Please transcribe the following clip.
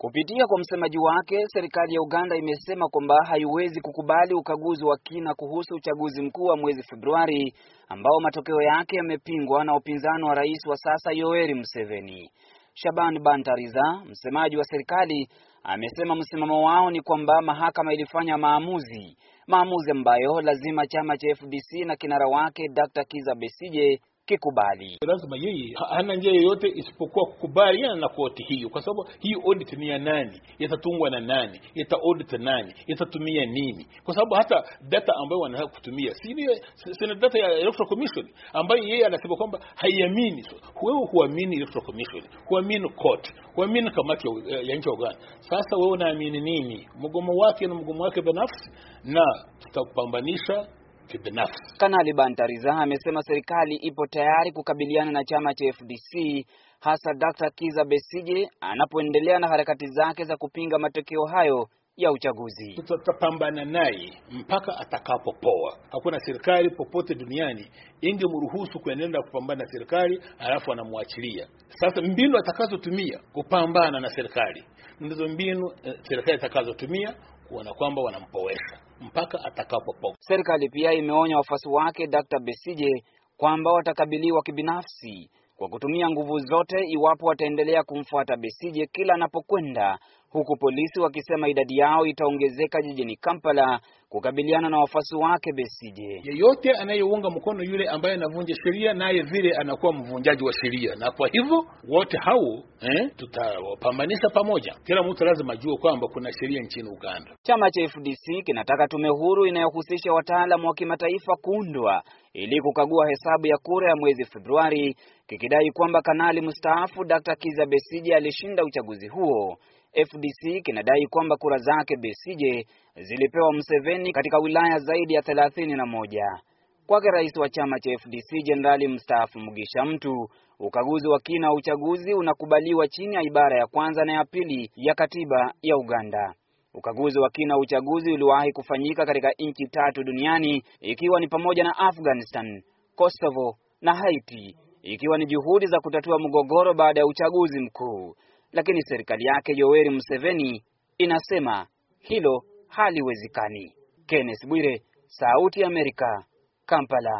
Kupitia kwa msemaji wake, serikali ya Uganda imesema kwamba haiwezi kukubali ukaguzi wa kina kuhusu uchaguzi mkuu wa mwezi Februari ambao matokeo yake yamepingwa na upinzani wa rais wa sasa Yoweri Museveni. Shaban Bantariza, msemaji wa serikali, amesema msimamo wao ni kwamba mahakama ilifanya maamuzi, maamuzi ambayo lazima chama cha FDC na kinara wake Dr. Kiza Besije kikubali. Lazima yeye hana njia yoyote isipokuwa kukubaliana na koti hiyo, kwa sababu hii audit ni ya nani, yatatungwa na nani, yata audit nani, yatatumia nini? Kwa sababu hata data ambayo wanataka kutumia si ni data ya Electoral Commission ambayo yeye anasema kwamba haiamini. Wewe huamini Electoral Commission, huamini court, huamini kamati ya, ya nchi ya Uganda. Sasa wewe unaamini nini? Mgomo wake na mgomo wake binafsi, na tutapambanisha kibinafsi. Kanali Bantariza amesema serikali ipo tayari kukabiliana na chama cha FDC hasa Dr. Kiza Besije anapoendelea na harakati zake za kupinga matokeo hayo ya uchaguzi. Tutapambana naye mpaka atakapopoa. Hakuna serikali popote duniani ingemruhusu kuendelea kupambana na serikali alafu anamwachilia. Sasa mbinu atakazotumia kupambana na serikali ndizo mbinu eh, serikali atakazotumia kuona kwamba wanampoesha mpaka atakapopoka. Serikali pia imeonya wafuasi wake Dr. Besije kwamba watakabiliwa kibinafsi kwa kutumia nguvu zote iwapo wataendelea kumfuata Besije kila anapokwenda, huku polisi wakisema idadi yao itaongezeka jijini Kampala kukabiliana na wafuasi wake Besije. Yeyote anayeunga mkono yule ambaye anavunja sheria naye vile anakuwa mvunjaji wa sheria, na kwa hivyo wote hao eh, tutawapambanisha pamoja. Kila mtu lazima ajue kwamba kuna sheria nchini Uganda. Chama cha FDC kinataka tume huru inayohusisha wataalamu wa kimataifa kuundwa ili kukagua hesabu ya kura ya mwezi Februari, kikidai kwamba kanali mstaafu Dr. Kiza Besije alishinda uchaguzi huo FDC kinadai kwamba kura zake Besije zilipewa mseveni katika wilaya zaidi ya thelathini na moja. Kwake rais wa chama cha FDC Jenerali mstaafu Mugisha Mtu, ukaguzi wa kina wa uchaguzi unakubaliwa chini ya ibara ya kwanza na ya pili ya katiba ya Uganda. Ukaguzi wa kina wa uchaguzi uliwahi kufanyika katika nchi tatu duniani ikiwa ni pamoja na Afghanistan, Kosovo na Haiti, ikiwa ni juhudi za kutatua mgogoro baada ya uchaguzi mkuu lakini serikali yake Yoweri Museveni inasema hilo haliwezekani. Kenneth Bwire, Sauti ya Amerika, Kampala.